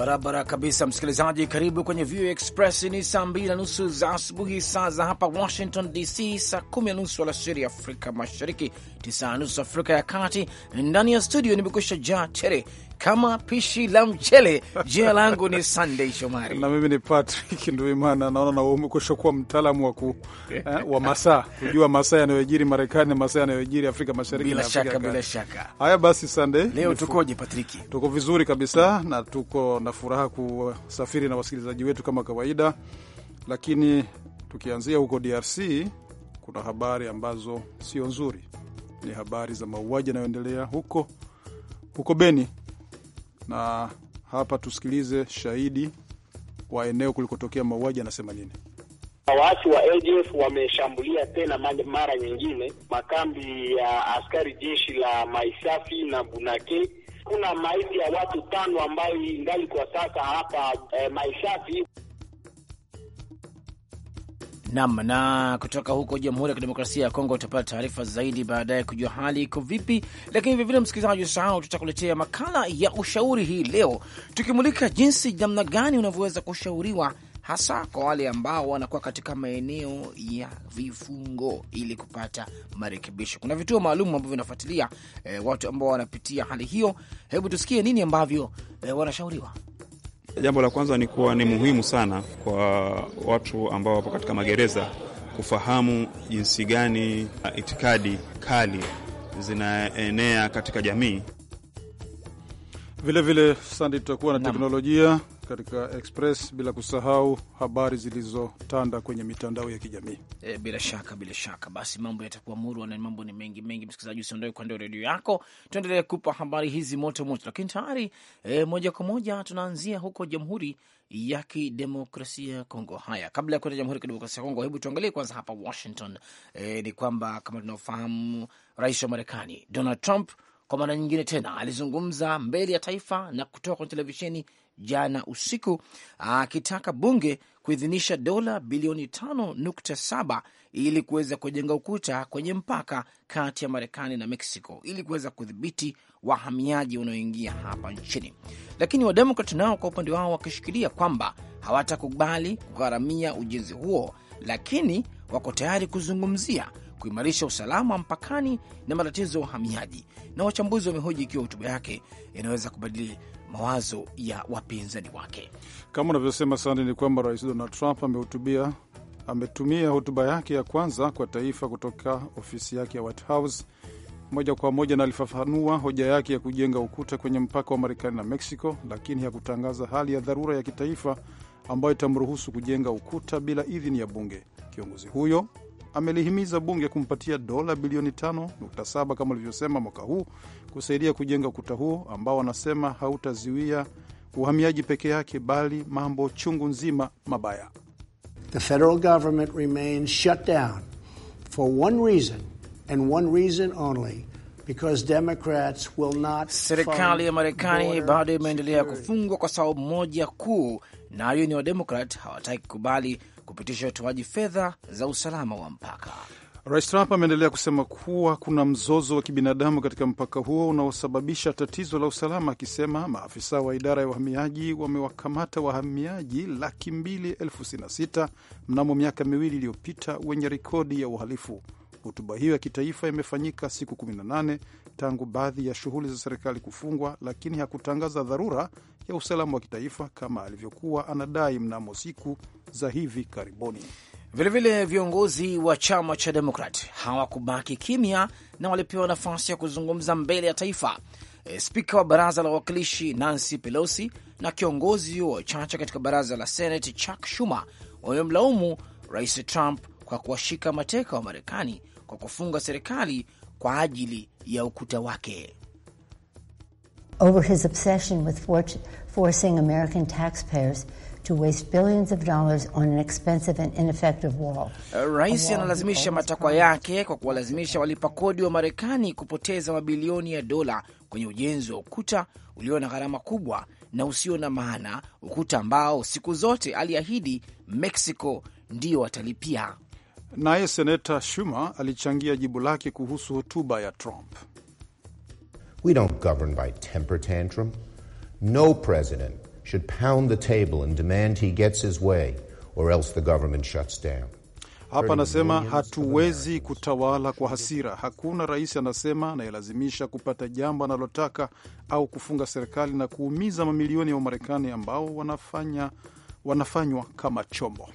Barabara kabisa, msikilizaji, karibu kwenye VOA Express. Ni saa mbili na nusu za asubuhi saa za hapa Washington DC, saa kumi na nusu alasiri Afrika Mashariki, tisa na nusu Afrika ya Kati. Ndani ya studio nimekusha jaa chere kama pishi la mchele. Jina langu ni Sandey Shomari na mimi ni Patrick Nduimana. Naona nawe umekusha kuwa mtaalamu wa, eh, wa masaa kujua masaa yanayojiri Marekani na masaa yanayojiri Afrika Mashariki. Bila shaka, bila shaka. Haya basi, Sandey, leo tukoje Patrick? Tuko vizuri kabisa na tuko na na furaha kusafiri na wasikilizaji wetu kama kawaida, lakini tukianzia huko DRC kuna habari ambazo sio nzuri. Ni habari za mauaji yanayoendelea huko huko Beni, na hapa tusikilize shahidi wa eneo kulikotokea mauaji anasema nini. Waasi wa ADF wameshambulia tena mara nyingine makambi ya askari jeshi la Maisafi na Bunake. Kuna maiti ya watu tano ambayo ingali kwa sasa hapa eh, Maisafi. Nam na kutoka huko Jamhuri ya Kidemokrasia ya Kongo utapata taarifa zaidi baadaye kujua hali iko vipi. Lakini vilevile, msikilizaji, usahau tutakuletea makala ya ushauri hii leo, tukimulika jinsi namna gani unavyoweza kushauriwa hasa kwa wale ambao wanakuwa katika maeneo ya vifungo ili kupata marekebisho. Kuna vituo maalum ambavyo vinafuatilia e, watu ambao wanapitia hali hiyo. Hebu tusikie nini ambavyo e, wanashauriwa. Jambo la kwanza ni kuwa ni muhimu sana kwa watu ambao wapo katika magereza kufahamu jinsi gani eh, itikadi kali zinaenea katika jamii. Vilevile sandi, tutakuwa na teknolojia katika Express, bila kusahau habari zilizotanda kwenye mitandao ya kijamii. E, bila shaka bila shaka, basi mambo yatakuwa murwa na mambo ni mengi mengi. Msikilizaji, usiondoe ndio redio yako, tuendelee kupa habari hizi moto moto, lakini tayari e, moja kwa moja tunaanzia huko Jamhuri ya Kidemokrasia ya Kongo. Haya, kabla ya kwenda Jamhuri ya Kidemokrasia ya Kongo, hebu tuangalie kwanza hapa Washington. E, ni kwamba kama tunaofahamu, rais wa Marekani Donald Trump kwa mara nyingine tena alizungumza mbele ya taifa na kutoka kwenye televisheni jana usiku akitaka bunge kuidhinisha dola bilioni 5.7 ili kuweza kujenga ukuta kwenye mpaka kati ya Marekani na Meksiko ili kuweza kudhibiti wahamiaji wanaoingia hapa nchini. Lakini Wademokrat nao kwa upande wao wakishikilia kwamba hawatakubali kugharamia ujenzi huo, lakini wako tayari kuzungumzia kuimarisha usalama mpakani na matatizo ya uhamiaji, na wachambuzi wamehoji ikiwa hotuba yake inaweza kubadili mawazo ya wapinzani wake. Kama unavyosema sana, ni kwamba Rais Donald Trump amehutubia ametumia hotuba yake ya kwanza kwa taifa kutoka ofisi yake ya White House moja kwa moja, na alifafanua hoja yake ya kujenga ukuta kwenye mpaka wa Marekani na Mexico, lakini hakutangaza hali ya dharura ya kitaifa ambayo itamruhusu kujenga ukuta bila idhini ya bunge. Kiongozi huyo amelihimiza bunge kumpatia dola bilioni 5.7 kama alivyosema mwaka huu kusaidia kujenga ukuta huo ambao anasema hautaziwia uhamiaji peke yake, bali mambo chungu nzima mabaya. The federal government remains shut down for one reason and one reason only. Serikali ya Marekani bado imeendelea kufungwa kwa sababu moja kuu, nayo ni Wademokrat hawataki kukubali kupitisha utoaji fedha za usalama wa mpaka. Rais Trump ameendelea kusema kuwa kuna mzozo wa kibinadamu katika mpaka huo unaosababisha tatizo la usalama, akisema maafisa wa idara ya uhamiaji wamewakamata wahamiaji laki mbili elfu sitini na sita mnamo miaka miwili iliyopita wenye rekodi ya uhalifu. Hotuba hiyo ya kitaifa imefanyika siku 18 tangu baadhi ya shughuli za serikali kufungwa, lakini hakutangaza dharura ya usalama wa kitaifa kama alivyokuwa anadai mnamo siku za hivi karibuni. Vilevile vile viongozi wa chama cha Demokrat hawakubaki kimya na walipewa nafasi ya kuzungumza mbele ya taifa. E, spika wa baraza la wawakilishi Nancy Pelosi na kiongozi wa wachache katika baraza la Senate Chuck Schumer wamemlaumu rais Trump kwa kuwashika mateka wa Marekani kwa kufunga serikali kwa ajili ya ukuta wake. Over his obsession with forcing American taxpayers to waste billions of dollars on an expensive and ineffective wall. Uh, rais analazimisha matakwa yake kwa kuwalazimisha walipa kodi wa Marekani kupoteza mabilioni ya dola kwenye ujenzi wa ukuta ulio na gharama kubwa na usio na maana, ukuta ambao siku zote aliahidi Mexico ndio watalipia. Naye Senata Schumer alichangia jibu lake kuhusu hotuba ya Trump. We don't govern by temper tantrum. No president should pound the table and demand he gets his way or else the government shuts down. Hapa anasema hatuwezi kutawala kwa hasira. Hakuna rais anasema anayelazimisha kupata jambo analotaka au kufunga serikali na kuumiza mamilioni ya Wamarekani ambao wanafanya wanafanywa kama chombo.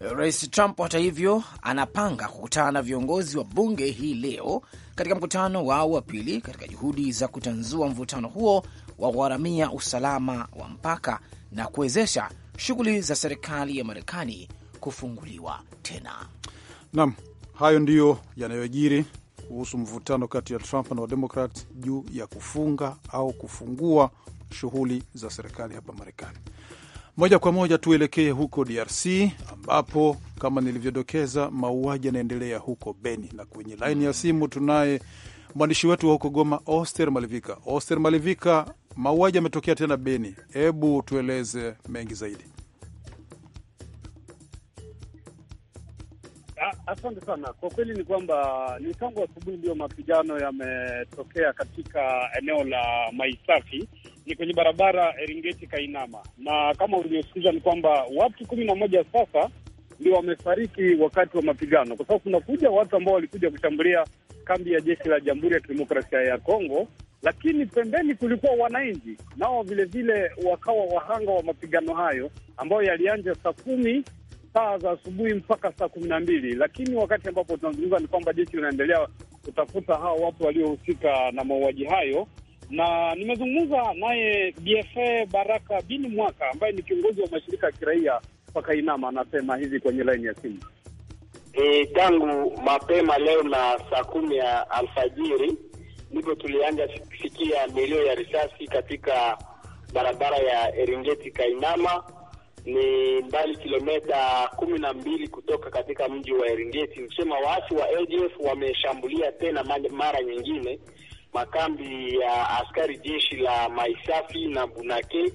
Rais Trump hata hivyo anapanga kukutana na viongozi wa bunge hii leo katika mkutano wao wa pili katika juhudi za kutanzua mvutano huo wa kugharamia usalama wa mpaka na kuwezesha shughuli za serikali ya Marekani kufunguliwa tena. Naam, hayo ndiyo yanayojiri kuhusu mvutano kati ya Trump na Wademokrat juu ya kufunga au kufungua shughuli za serikali hapa Marekani. Moja kwa moja tuelekee huko DRC ambapo kama nilivyodokeza mauaji yanaendelea huko Beni, na kwenye laini ya simu tunaye mwandishi wetu wa huko Goma, Oster Malivika. Oster Malivika, mauaji yametokea tena Beni, hebu tueleze mengi zaidi. Asante sana. Kwa kweli ni kwamba ni tangu asubuhi ndiyo mapigano yametokea katika eneo la Maisafi ni kwenye barabara Eringeti Kainama, na kama ulivyosikiza ni kwamba watu kumi na moja sasa ndio wamefariki wakati wa mapigano, kwa sababu kunakuja watu ambao walikuja kushambulia kambi ya jeshi la Jamhuri ya Kidemokrasia ya Kongo, lakini pembeni kulikuwa wananchi nao vilevile wakawa wahanga wa mapigano hayo ambayo yalianza saa kumi saa za asubuhi mpaka saa kumi na mbili lakini wakati ambapo tunazungumza ni kwamba jeshi linaendelea kutafuta hao watu waliohusika na mauaji hayo na nimezungumza naye BFA Baraka Bin Mwaka ambaye ni kiongozi wa mashirika ya kiraia kwa kainama anasema hivi kwenye laini ya simu. E, tangu mapema leo na saa kumi ya alfajiri ndipo tulianza sikia milio ya risasi katika barabara ya Eringeti Kainama, ni mbali kilometa kumi na mbili kutoka katika mji wa Eringeti. Nikusema waasi wa ADF wameshambulia tena mara nyingine makambi ya askari jeshi la Maisafi na Bunake.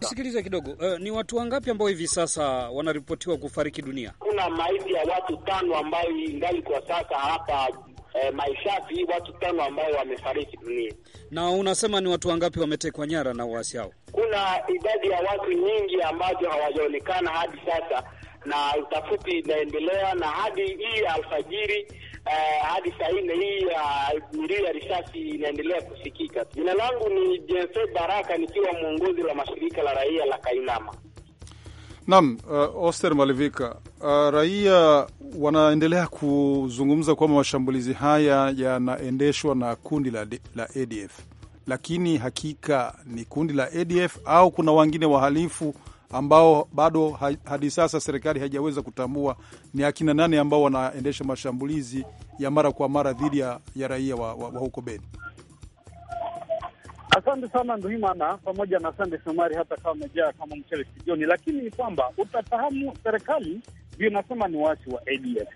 Sikiliza kidogo, uh, ni watu wangapi ambao hivi sasa wanaripotiwa kufariki dunia? Kuna maiti ya watu tano ambayo ingali kwa sasa hapa eh, Maisafi, watu tano ambao wamefariki dunia. Na unasema ni watu wangapi wametekwa nyara na uasi hao? Kuna idadi ya watu nyingi ambazo hawajaonekana hadi sasa, na utafiti inaendelea na hadi hii alfajiri eh, hadi saa nne hii uh, milio ya risasi inaendelea kusikika. Jina langu ni Jenfe Baraka nikiwa mwongozi la mashirika la raia la Kainama. Naam, uh, Oster Malivika, uh, raia wanaendelea kuzungumza kwamba mashambulizi haya yanaendeshwa na kundi la, la ADF, lakini hakika ni kundi la ADF au kuna wengine wahalifu ambao bado hadi sasa serikali haijaweza kutambua ni akina nani ambao wanaendesha mashambulizi ya mara kwa mara dhidi ya, ya raia wa, wa, wa huko Beni. Asante sana Nduhimana pamoja na asante Shomari, hata kama amejaa kama mchele studioni, lakini ni kwamba utafahamu serikali ndio inasema ni waasi wa ADF,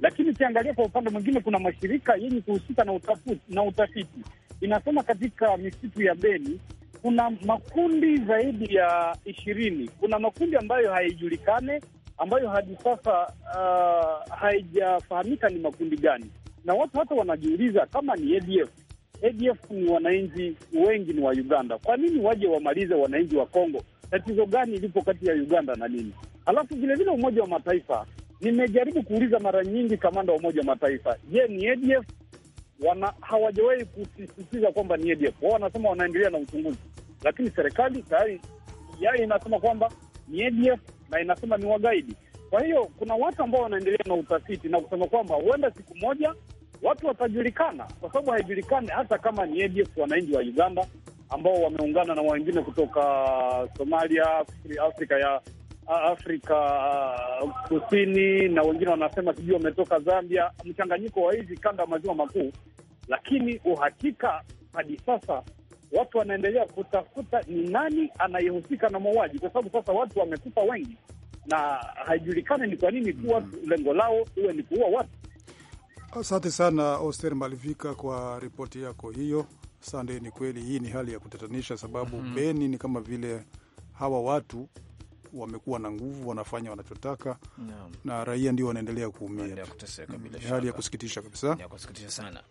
lakini ukiangalia kwa upande mwingine kuna mashirika yenye kuhusika na utafiti, na utafiti inasema katika misitu ya Beni kuna makundi zaidi ya ishirini. Kuna makundi ambayo haijulikane, ambayo hadi sasa uh, haijafahamika ni makundi gani, na watu hata wanajiuliza kama ni ADF. ADF ni wananchi wengi ni wa Uganda, kwa nini waje wamalize wananchi wa Kongo? Tatizo gani ilipo kati ya Uganda na nini? Alafu vilevile Umoja wa Mataifa, nimejaribu kuuliza mara nyingi kamanda wa Umoja wa Mataifa, je, ni ADF wana hawajawahi kusisitiza kwamba ni ADF. Wao wanasema wanaendelea na uchunguzi, lakini serikali tayari ya inasema kwamba ni ADF na inasema ni wagaidi. Kwa hiyo kuna watu ambao wanaendelea na utafiti na kusema kwamba huenda siku moja watu watajulikana, kwa sababu haijulikani hata kama ni ADF wananchi wa Uganda ambao wameungana na wengine kutoka Somalia, Afrika ya Afrika uh, Kusini na wengine wanasema sijui wametoka Zambia, mchanganyiko wa hizi kanda maziwa makuu lakini uhakika hadi sasa watu wanaendelea kutafuta ni nani anayehusika na mauaji, kwa sababu sasa watu wamekufa wengi na haijulikani ni kwa nini tu watu mm -hmm. lengo lao huwe ni kuua watu. Asante sana Oster Malivika kwa ripoti yako hiyo. Sande, ni kweli hii ni hali ya kutatanisha, sababu mm -hmm. Beni ni kama vile hawa watu wamekuwa na nguvu, wanafanya wanachotaka no. na raia ndio wanaendelea kuumia. Mm, hali ya kusikitisha kabisa, ya kusikitisha sana.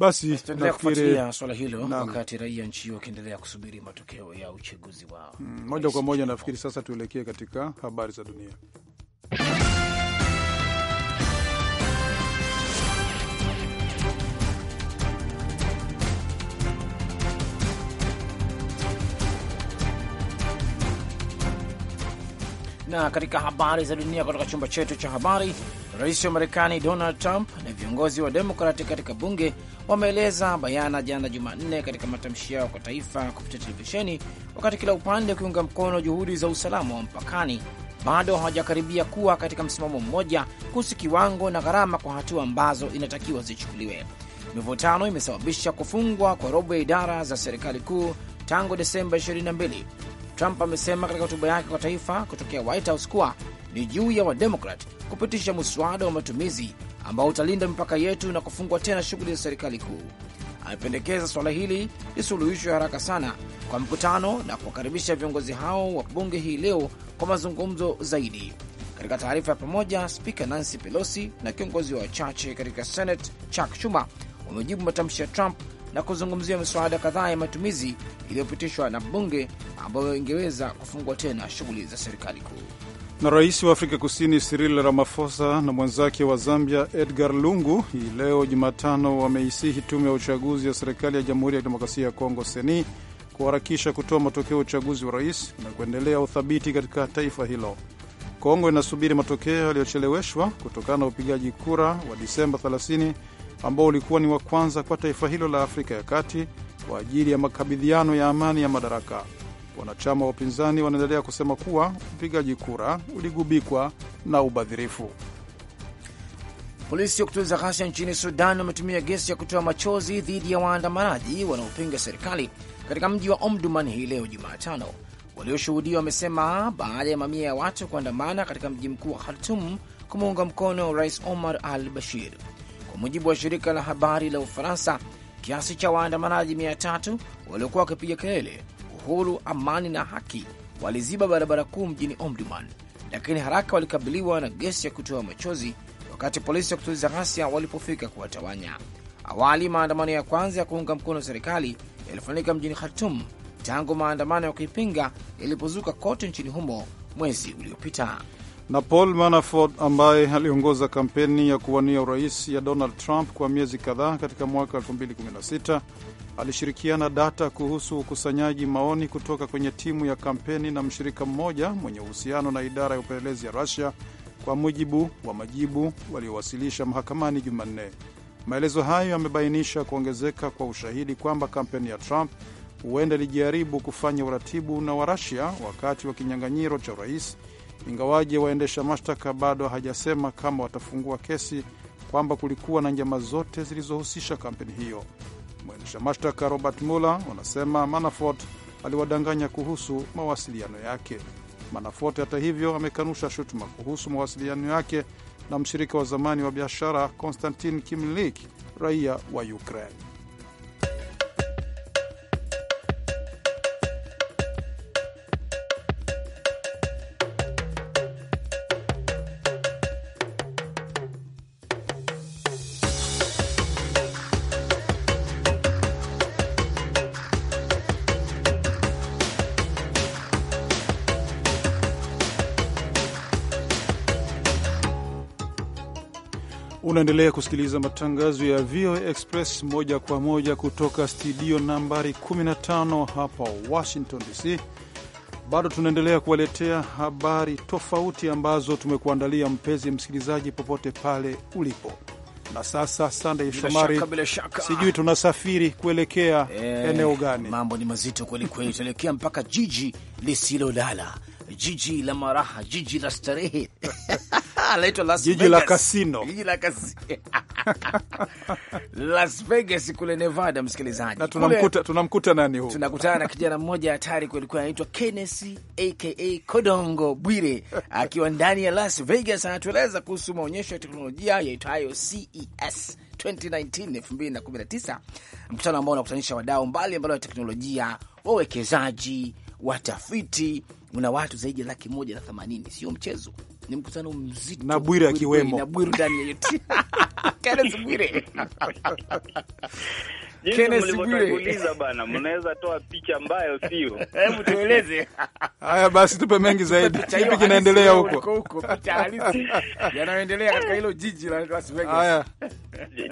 Basi tutaendelea kufuatilia swala hilo wakati raia nchi hiyo wakiendelea kusubiri matokeo ya uchaguzi wao mm, moja kwa moja. Nafikiri sasa tuelekee katika habari za dunia. Na katika habari za dunia kutoka chumba chetu cha habari, Rais wa Marekani Donald Trump na viongozi wa Demokrati katika bunge wameeleza bayana jana Jumanne katika matamshi yao kwa taifa kupitia televisheni, wakati kila upande kuiunga mkono juhudi za usalama wa mpakani, bado hawajakaribia kuwa katika msimamo mmoja kuhusu kiwango na gharama kwa hatua ambazo inatakiwa zichukuliwe. Mivutano imesababisha kufungwa kwa robo ya idara za serikali kuu tangu Desemba 22. Trump amesema katika hotuba yake kwa taifa kutokea White House kuwa ni juu ya Wademokrat kupitisha mswada wa matumizi ambao utalinda mipaka yetu na kufungwa tena shughuli za serikali kuu. Amependekeza suala hili lisuluhishwe haraka sana kwa mkutano na kuwakaribisha viongozi hao wa bunge hii leo kwa mazungumzo zaidi. Katika taarifa ya pamoja, spika Nancy Pelosi na kiongozi wa wachache katika Senate Chuck Schumer wamejibu matamshi ya Trump na kuzungumzia miswada kadhaa ya matumizi iliyopitishwa na bunge ambayo ingeweza kufungua tena shughuli za serikali kuu na rais wa Afrika Kusini Cyril Ramaphosa na mwenzake wa Zambia Edgar Lungu hii leo Jumatano wameisihi tume ya uchaguzi ya serikali ya Jamhuri ya Kidemokrasia ya Kongo seni kuharakisha kutoa matokeo ya uchaguzi wa rais na kuendelea uthabiti katika taifa hilo. Kongo inasubiri matokeo yaliyocheleweshwa kutokana na upigaji kura wa Disemba 30 ambao ulikuwa ni wa kwanza kwa taifa hilo la Afrika ya Kati kwa ajili ya makabidhiano ya amani ya madaraka. Wanachama wa upinzani wanaendelea kusema kuwa upigaji kura uligubikwa na ubadhirifu. Polisi wa kutuliza ghasia nchini Sudan wametumia gesi ya kutoa machozi dhidi ya waandamanaji wanaopinga serikali katika mji wa Omduman hii leo Jumatano. Walioshuhudia wamesema baada ya mamia ya watu kuandamana katika mji mkuu wa Khartum kumuunga mkono Rais Omar al Bashir. Kwa mujibu wa shirika la habari la Ufaransa, kiasi cha waandamanaji mia tatu waliokuwa wakipiga kelele uhuru, amani na haki waliziba barabara kuu mjini Omdurman, lakini haraka walikabiliwa na gesi ya kutoa machozi wakati polisi wa kutuliza ghasia walipofika kuwatawanya. Awali maandamano ya kwanza ya kuunga mkono serikali yalifanyika mjini Khartum tangu maandamano ya kuipinga yalipozuka kote nchini humo mwezi uliopita. Na Paul Manafort ambaye aliongoza kampeni ya kuwania urais ya Donald Trump kwa miezi kadhaa katika mwaka alishirikiana data kuhusu ukusanyaji maoni kutoka kwenye timu ya kampeni na mshirika mmoja mwenye uhusiano na idara ya upelelezi ya rasia kwa mujibu wa majibu waliowasilisha mahakamani Jumanne. Maelezo hayo yamebainisha kuongezeka kwa ushahidi kwamba kampeni ya Trump huenda ilijaribu kufanya uratibu na Warasia wakati wa kinyang'anyiro cha urais, ingawaje waendesha mashtaka bado hajasema kama watafungua kesi kwamba kulikuwa na njama zote zilizohusisha kampeni hiyo. Mwendesha mashtaka Robert Mueller wanasema Manafort aliwadanganya kuhusu mawasiliano yake. Manafort hata hivyo amekanusha shutuma kuhusu mawasiliano yake na mshirika wa zamani wa biashara Konstantin Kimlik, raia wa Ukraine. Unaendelea kusikiliza matangazo ya VOA Express moja kwa moja kutoka studio nambari 15 hapa Washington DC. Bado tunaendelea kuwaletea habari tofauti ambazo tumekuandalia mpenzi msikilizaji, popote pale ulipo. Na sasa Sunday Shomari, sijui tunasafiri kuelekea eh, eneo gani? Mambo ni mazito kweli kweli, mpaka jiji lisilolala, jiji la maraha, jiji la starehe Ah, anaitwa Las Vegas, jiji la kasino, jiji la kasino Las Vegas kule Nevada. Msikilizaji, na tunamkuta tunamkuta nani huyu? Tunakutana na kijana mmoja hatari kweli kweli, anaitwa Kenneth aka Kodongo Bwire akiwa ndani ya Las Vegas, anatueleza kuhusu maonyesho ya teknolojia yaitwayo CES 2019 2019, mkutano ambao unakutanisha wadau mbalimbali wa teknolojia, wawekezaji, watafiti. Una watu zaidi ya laki moja na themanini, sio mchezo ni mkutano mzito na Bwire akiwemo na Bwire ndani ya yote Kenneth Bwire bana, mnaweza toa picha mbayo sio. Hebu tueleze haya basi, tupe mengi zaidi, kipi kinaendelea huko huko, picha halisi yanayoendelea katika hilo jiji la Las Vegas. Haya,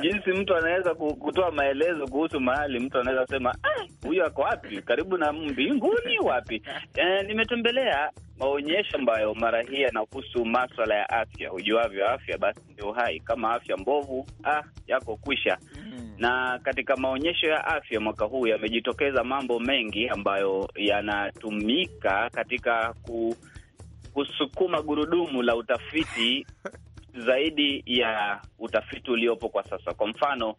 jinsi mtu anaweza kutoa maelezo kuhusu mahali, mtu anaweza kusema ah, ako wapi? Karibu na mbinguni wapi? E, nimetembelea maonyesho ambayo mara hii yanahusu maswala ya afya. Ujuavyo afya basi ndio hai, kama afya mbovu, ah, yako kwisha. mm. Na katika maonyesho ya afya mwaka huu yamejitokeza mambo mengi ambayo yanatumika katika ku, kusukuma gurudumu la utafiti zaidi ya utafiti uliopo kwa sasa. Kwa mfano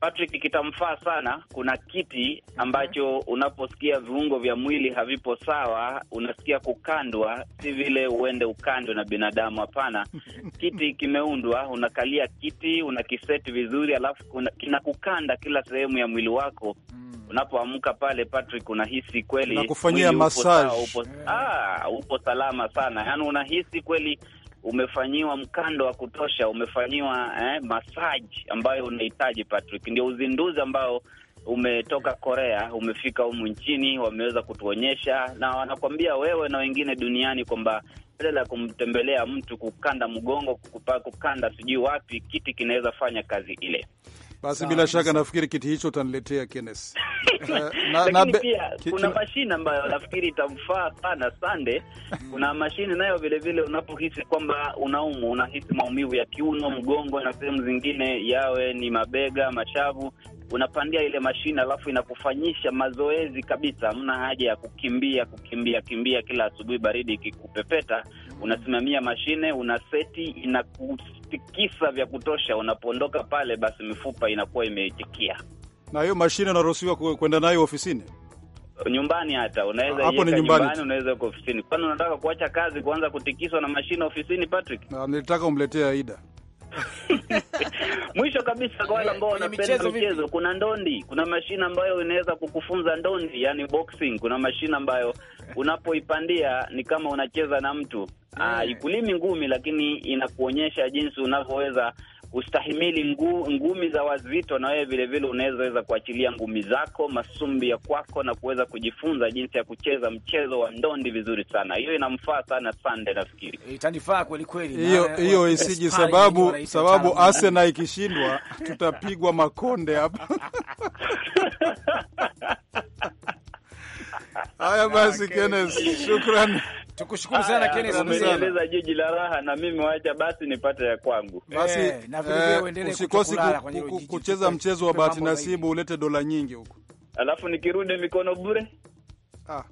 Patrick, kitamfaa sana. Kuna kiti ambacho unaposikia viungo vya mwili havipo sawa, unasikia kukandwa. Si vile uende ukandwe na binadamu, hapana. Kiti kimeundwa, unakalia kiti, unakiseti vizuri, alafu kinakukanda kila sehemu ya mwili wako. Mm. Unapoamka pale Patrick, unahisi kweli unakufanyia massage, upo, yeah. Ah, upo salama sana, yaani unahisi kweli umefanyiwa mkando wa kutosha, umefanyiwa eh, masaji ambayo unahitaji Patrick. Ndio uzinduzi ambao umetoka Korea umefika humu nchini, wameweza kutuonyesha na wanakuambia wewe na wengine duniani kwamba badala ya kumtembelea mtu, kukanda mgongo, kukanda sijui wapi, kiti kinaweza fanya kazi ile. Basi bila shaka nafikiri kiti hicho utaniletea Kenes. Eh, pia kuna mashine ambayo nafikiri itamfaa sana Sande. Hmm. Kuna mashine nayo vilevile unapohisi kwamba unaumwa, unahisi maumivu ya kiuno, mgongo na sehemu zingine, yawe ni mabega, mashavu unapandia ile mashine alafu inakufanyisha mazoezi kabisa. Hamna haja ya kukimbia kukimbia kimbia kila asubuhi baridi ikikupepeta. Hmm. Unasimamia mashine, una seti, inaku kutikisa vya kutosha. Unapoondoka pale, basi mifupa inakuwa imeitikia. Na hiyo mashine unaruhusiwa kwenda nayo ofisini nyumbani hata unaweza ah, hapo ni nyumbani, unaweza uko ofisini. Kwani unataka kuacha kazi kuanza kutikiswa na mashine ofisini, Patrick? Na nilitaka umletee Aida. Mwisho kabisa, kwa wale ambao wanapenda michezo, kuna ndondi, kuna mashine ambayo inaweza kukufunza ndondi, yani boxing. Kuna mashine ambayo unapoipandia ni kama unacheza na mtu yeah. Eh. Ikulimi ngumi, lakini inakuonyesha jinsi unavyoweza kustahimili ngu, ngumi za wazito, na wewe vilevile unawezaweza kuachilia ngumi zako masumbi ya kwako na kuweza kujifunza jinsi ya kucheza mchezo wa ndondi vizuri sana. Hiyo inamfaa sana Sande, nafikiri itanifaa kweli kweli hiyo hiyo, isiji sababu sababu Arsenal ikishindwa tutapigwa makonde hapa Haya basi, Kenes, shukran. Tukushukuru sana Kenes, umeeleza jiji la raha, na mimi wacha basi nipate ya kwangu. Eh, basi eh, usikosi kucheza mchezo wa bahati nasibu, ulete dola nyingi huko, alafu nikirudi mikono bure. Ah,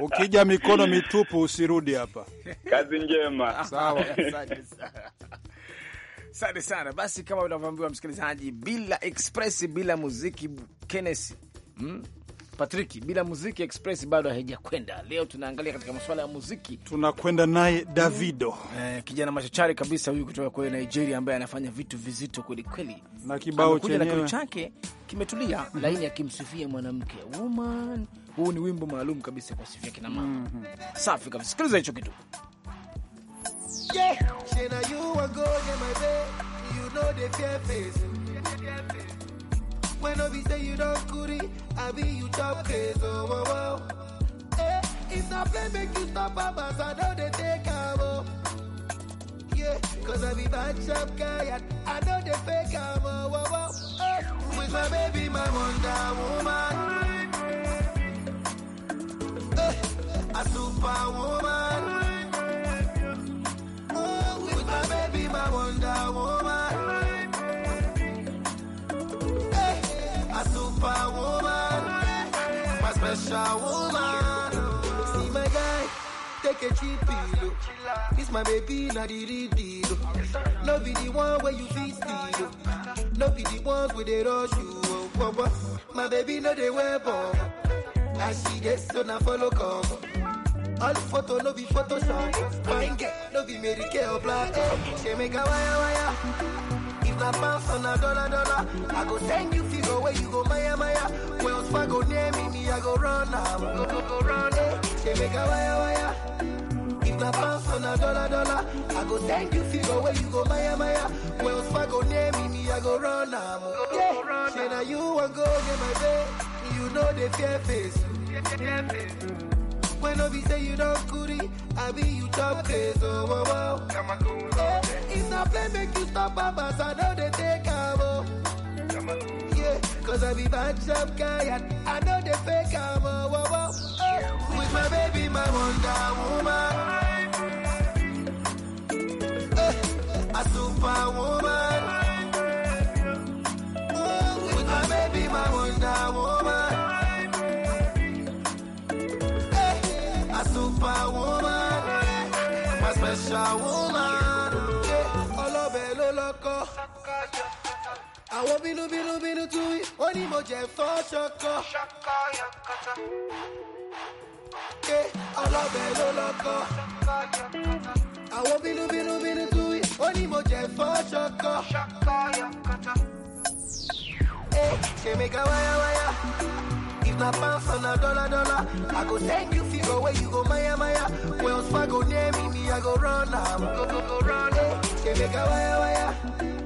Ukija mikono mitupu usirudi hapa. Kazi njema. Sawa. Asante sana. Basi kama unavyoambiwa msikilizaji, bila express, bila muziki Kenneth, hmm? Patrick, bila muziki express bado haijakwenda. Leo tunaangalia katika masuala ya muziki, tunakwenda naye Davido, eh, kijana machachari kabisa huyu kutoka kule Nigeria, ambaye anafanya vitu vizito kweli kweli, na kibao chake kimetulia mhm. laini akimsifia mwanamke woman. Huu ni wimbo maalum kabisa kwa sifia kina mama. mm -hmm. Safi kabisa, sikiliza hicho kitu. Yeah, say now you a go get my babe. You know they fear face. When I be say you don't curry, I be you top case. Oh, wow, oh, wow. Oh. Hey, eh, it's not play make you stop papas. I know they take a oh. Yeah, cause I be bad shop guy. I know they fake a oh, wow, oh, wow. Hey, eh, with my baby, my wonder woman. Hey, eh, a superwoman. special woman. See my guy, take a cheap pillow. This my baby, not the real deal. No be the one where you feel steal. No be the ones where they rush you. Oh, oh, oh. My baby, no they wear bomb. As she gets so now follow come. All photo no be Photoshop. Fine girl, no be Mary Kay or Black. She make a wire wire on a pound, on a dollar, dollar. I go thank you figure where you go, Maya, Maya. Wells Fargo near me, me, I go run now. Ah. Go, go, go, run, eh. They make a wire, wire. If na pound, on a dollar, dollar. I go thank you figure where you go, Maya, Maya. Wells Fargo near me, me, I go run now. Ah. Go, yeah. go, run now. Ah. Now you want go get my pay. You know the fear face. When I be say you don't goody, I be you top case, oh, wow, wow. Yeah. If not play, make you stop, Papa, I know they take a Yeah, cause I be bad job guy, and I know they fake her, whoa, whoa. Oh, with my baby, my Wonder Woman. Uh, a superwoman. special woman. ìyàwó bínú bínú bínú tú wí ó ní mo jẹ fọ́ ṣọkọ. ṣọkọ yọkọtọ. ké ọlọ́bẹ̀ ló lọ́kọ. ṣọkọ yọkọtọ. àwọn bínú bínú bínú tú wí ó ní mo jẹ fọ́ ṣọkọ. ṣọkọ yọkọtọ. ẹ ṣèmíkà wáyáwáyá. If na pounds on a dollar dollar, I go take you figure where you go maya maya. Wells Fargo name me, me I go run now. Go go go run, eh? make a waya waya.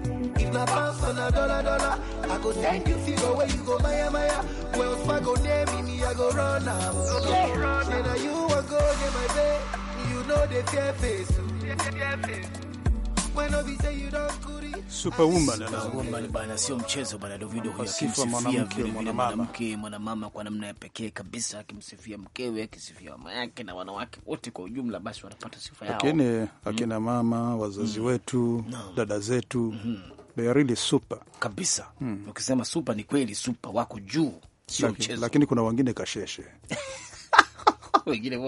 na pass on a dollar, dollar. I go thank you, see the way you go, Maya, Maya. Well, I go near me, me, I go run now. Okay, run. Then I, you will go get my bed. You know the fear face. When Obi say you don't kuri. Superwoman Superwoman bana, sio mchezo bana. Davido huyo akimsifia vilevile mwanamke mwanamama kwa namna ya pekee kabisa, akimsifia mkewe, akisifia mama yake na wanawake wote kwa ujumla, basi wanapata sifa yao. Lakini hmm. akina mama wazazi hmm. wetu, dada zetu mm -hmm they are really super kabisa. Hmm. Ukisema super ni kweli super, wako juu, sio mchezo. Lakini kuna wengine kasheshe wengine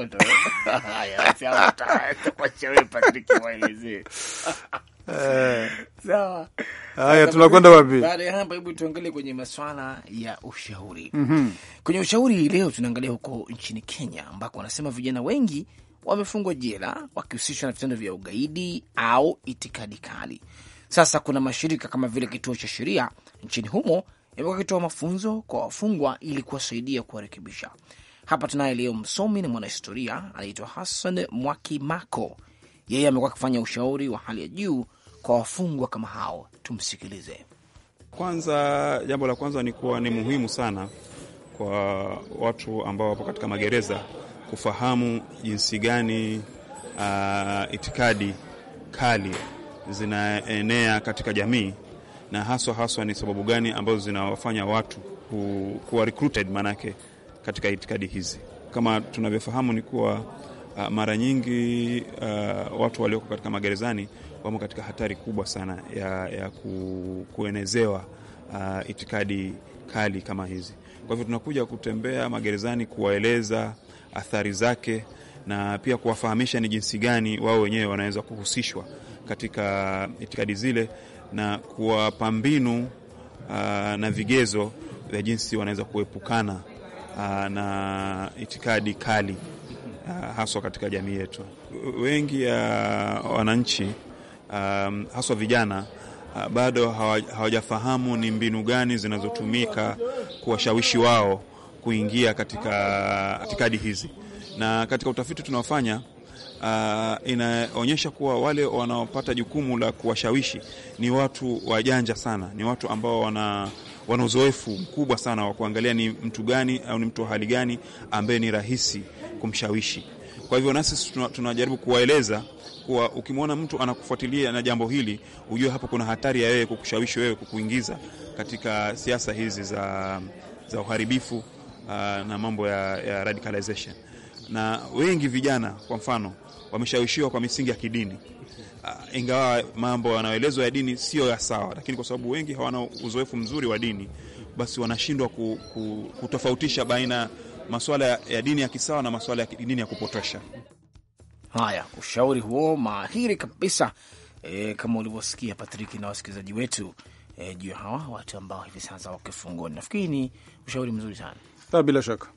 Haya, tunakwenda wapi baada ya hapa? Hebu tuangalie kwenye masuala ya ushauri. mm -hmm. Kwenye ushauri leo tunaangalia huko nchini Kenya ambako wanasema vijana wengi wamefungwa jela wakihusishwa na vitendo vya ugaidi au itikadi kali. Sasa kuna mashirika kama vile kituo cha sheria nchini humo yamekuwa akitoa mafunzo kwa wafungwa ili kuwasaidia kuwarekebisha. Hapa tunaye leo msomi na mwanahistoria anaitwa Hassan Mwakimako. Yeye amekuwa akifanya ushauri wa hali ya juu kwa wafungwa kama hao, tumsikilize. Kwanza, jambo la kwanza ni kuwa ni muhimu sana kwa watu ambao wapo katika magereza kufahamu jinsi gani uh, itikadi kali zinaenea katika jamii, na haswa haswa ni sababu gani ambazo zinawafanya watu kuwa recruited maanake katika itikadi hizi. Kama tunavyofahamu ni kuwa uh, mara nyingi uh, watu walioko katika magerezani wamo katika hatari kubwa sana ya, ya ku, kuenezewa uh, itikadi kali kama hizi. Kwa hivyo tunakuja kutembea magerezani kuwaeleza athari zake na pia kuwafahamisha ni jinsi gani wao wenyewe wanaweza kuhusishwa katika itikadi zile na kuwapa mbinu ah, na vigezo vya jinsi wanaweza kuepukana ah, na itikadi kali ah, haswa katika jamii yetu. Wengi ya wananchi haswa vijana bado hawajafahamu ni mbinu gani zinazotumika kuwashawishi wao kuingia katika itikadi hizi, na katika utafiti tunaofanya uh, inaonyesha kuwa wale wanaopata jukumu la kuwashawishi ni watu wajanja sana, ni watu ambao wana wana uzoefu mkubwa sana wa kuangalia ni mtu gani au ni mtu wa hali gani ambaye ni rahisi kumshawishi. Kwa hivyo nasi tunajaribu kuwaeleza kuwa ukimwona mtu anakufuatilia na jambo hili, ujue hapo kuna hatari ya wewe kukushawishi wewe kukuingiza katika siasa hizi za, za uharibifu uh, na mambo ya, ya radicalization. Na wengi vijana kwa mfano wameshawishiwa kwa misingi ya kidini uh, ingawa mambo yanayoelezwa ya dini sio ya sawa, lakini kwa sababu wengi hawana uzoefu mzuri wa dini, basi wanashindwa ku, ku, kutofautisha baina masuala ya dini ya kisawa na masuala ya dini ya kupotosha. Haya, ushauri huo mahiri kabisa e, kama ulivyosikia Patriki na wasikilizaji wetu e, juu ya hawa watu ambao hivi sasa wakifungoni kifungoni. Nafikiri ni ushauri mzuri sana, ah, bila shaka.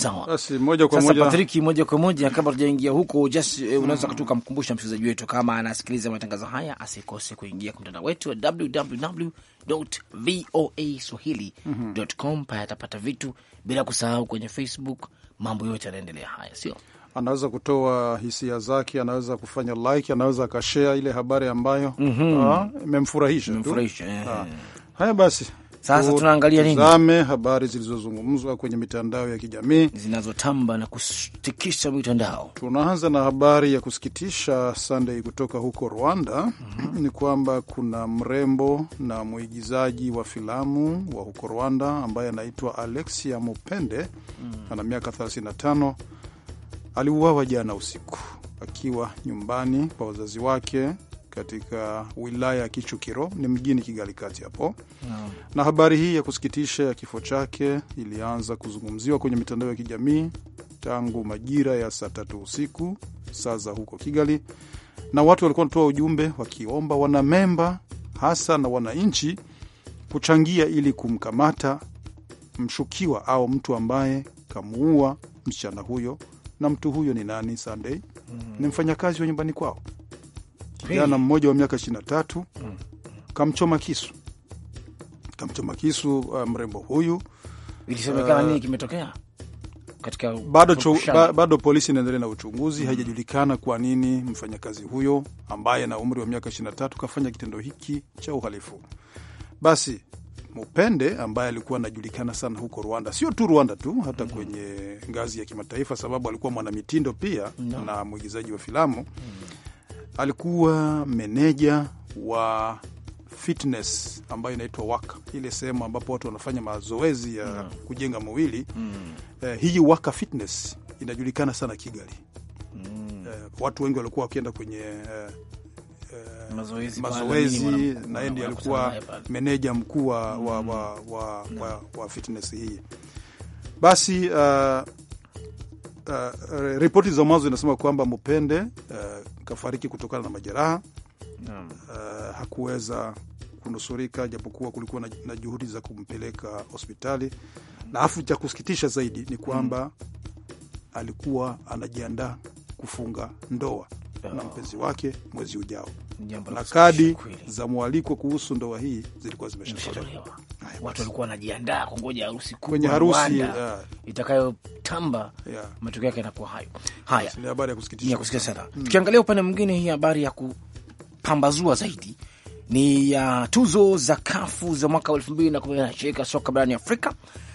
Sawa, basi moja kwa moja sasa, Patrick, moja kwa moja kabla tujaingia huko, just eh, unaweza hmm, mkumbusha msikilizaji wetu kama anasikiliza matangazo haya asikose kuingia kwa mtandao wetu wa www.voaswahili.com, pale atapata vitu bila kusahau kwenye Facebook mambo yote yanaendelea haya, sio anaweza kutoa hisia zake, anaweza kufanya like, anaweza akashea ile habari ambayo mhm. ah, imemfurahisha mm -hmm. tu. Eh. Ah. Haya basi, sasa tunaangalia nini? Tazame habari zilizozungumzwa kwenye mitandao ya kijamii zinazotamba na kustikisha mitandao. Tunaanza na habari ya kusikitisha Sunday kutoka huko Rwanda. mm -hmm. Ni kwamba kuna mrembo na mwigizaji wa filamu wa huko Rwanda ambaye anaitwa Alexia Mupende. mm -hmm. Ana miaka 35, aliuawa jana usiku akiwa nyumbani kwa wazazi wake katika wilaya ya Kichukiro ni mjini Kigali kati hapo no. Na habari hii ya kusikitisha ya kifo chake ilianza kuzungumziwa kwenye mitandao ya kijamii tangu majira ya saa tatu usiku saa za huko Kigali, na watu walikuwa wanatoa ujumbe wakiomba wanamemba hasa na wananchi kuchangia ili kumkamata mshukiwa au mtu ambaye kamuua msichana huyo. Na mtu huyo ni nani? Sunday mm -hmm. ni mfanyakazi wa nyumbani kwao kijana mmoja wa miaka ishirini na tatu mm. kamchoma kisu kamchoma kisu uh, mrembo huyu. Ilisemekana uh, nini kimetokea katika bado, cho, ba, bado polisi inaendelea na uchunguzi hmm. Haijajulikana kwa nini mfanyakazi huyo ambaye na umri wa miaka 23 kafanya kitendo hiki cha uhalifu. Basi Mupende ambaye alikuwa anajulikana sana huko Rwanda, sio tu Rwanda tu, hata mm. kwenye ngazi ya kimataifa, sababu alikuwa mwanamitindo pia no. na mwigizaji wa filamu mm alikuwa meneja wa fitness ambayo inaitwa Waka, ile sehemu ambapo watu wanafanya mazoezi ya mm. kujenga mwili mm. Eh, hii Waka fitness inajulikana sana Kigali mm. Eh, watu wengi walikuwa wakienda kwenye eh, eh mazoezi, mazoezi na ndi ndiye alikuwa meneja mkuu wa, mm. wa, wa, wa, mm. wa, wa fitness hii basi uh, Uh, uh, ripoti za mwanzo inasema kwamba Mupende uh, kafariki kutokana na majeraha uh, hakuweza kunusurika japokuwa kulikuwa na, na juhudi za kumpeleka hospitali na afu cha kusikitisha zaidi ni kwamba mm. alikuwa anajiandaa kufunga ndoa oh. na mpenzi wake mwezi ujao, na kadi za mwaliko kuhusu ndoa hii zilikuwa zimeshatolewa watu walikuwa wanajiandaa kungoja harusi kwenye harusi yeah. itakayotamba yeah. matokeo yake yanakuwa hayo. Haya, ni habari ya kusikitisha kusikitisha sana hmm. Tukiangalia upande mwingine, hii habari ya kupambazua zaidi ni ya uh, tuzo za kafu za mwaka elfu mbili na kumi na shirika soka barani Afrika.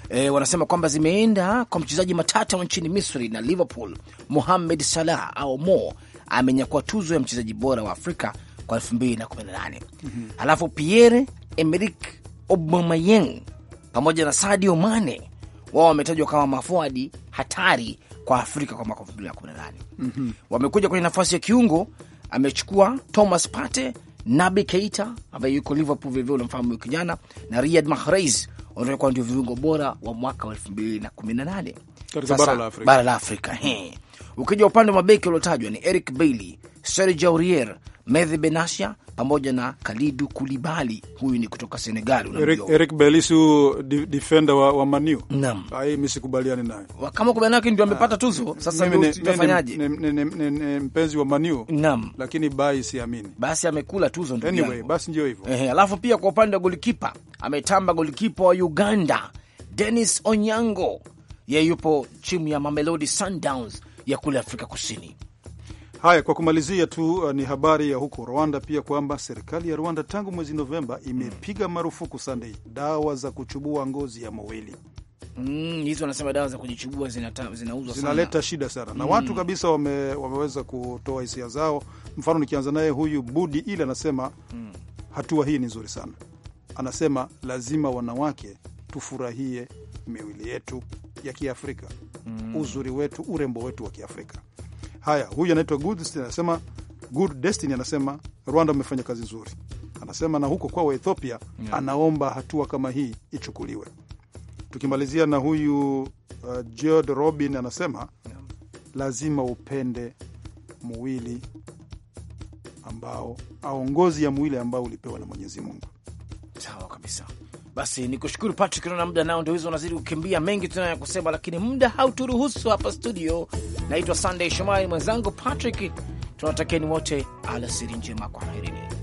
E, wanasema kwamba zimeenda kwa mchezaji matata wa nchini Misri na Liverpool, Mohamed Salah au Mo amenyakua tuzo ya mchezaji bora wa Afrika kwa 2018. Mm -hmm. Alafu Pierre Emerick Aubameyang pamoja na Sadio Mane wao wametajwa kama mafuadi hatari kwa Afrika kwa mwaka 2018. mm -hmm. Wamekuja kwenye nafasi ya kiungo, amechukua Thomas Partey, Naby Keita ambaye yuko Liverpool vilevile, unamfahamu wiki jana, na Riyad Mahrez wanaokuwa ndio viungo bora wa mwaka wa 2018 katika bara la Afrika, bara la Afrika. Ukija upande wa mabeki waliotajwa ni Eric Bailly, Serge Aurier, Mehdi Benatia pamoja na Kalidu Kulibali, huyu ni kutoka Senegal. Eric, Eric Belisu defender wa, wa Maniu. Naam, mimi sikubaliani naye, kama kubaliana naye ndio ah, amepata tuzo. Sasa tutafanyaje? Mpenzi wa Maniu. Naam, lakini bai siamini, basi amekula tuzo ndio anyway, basi ndio hivyo ehe. Alafu pia kwa upande wa golikipa ametamba golikipa wa Uganda Dennis Onyango, yeye yupo timu ya Mamelodi Sundowns ya kule Afrika Kusini. Haya, kwa kumalizia tu uh, ni habari ya huko Rwanda pia kwamba serikali ya Rwanda tangu mwezi Novemba imepiga marufuku Sunday dawa za kuchubua ngozi ya mawili hizo mm, wanasema dawa za kujichubua zinauzwa zina zinaleta shida sana na mm, watu kabisa wame, wameweza kutoa hisia zao. Mfano nikianza naye huyu Budi ile anasema mm, hatua hii ni nzuri sana. Anasema lazima wanawake tufurahie miwili yetu ya Kiafrika mm, uzuri wetu, urembo wetu wa Kiafrika. Haya, huyu anaitwa Good Destiny anasema, Good Destiny anasema Rwanda amefanya kazi nzuri, anasema na huko kwao Ethiopia yeah. Anaomba hatua kama hii ichukuliwe. Tukimalizia na huyu uh, George Robin anasema yeah. Lazima upende muwili ambao au ngozi ya mwili ambao ulipewa na Mwenyezi Mungu. Sawa kabisa. Basi ni kushukuru Patrick, naona muda nao ndio hizo unazidi kukimbia, mengi tunayo kusema, lakini muda hauturuhusu hapa studio. Naitwa Sunday Shomari, mwenzangu Patrick, tunawatakieni wote alasiri njema, kwaherini.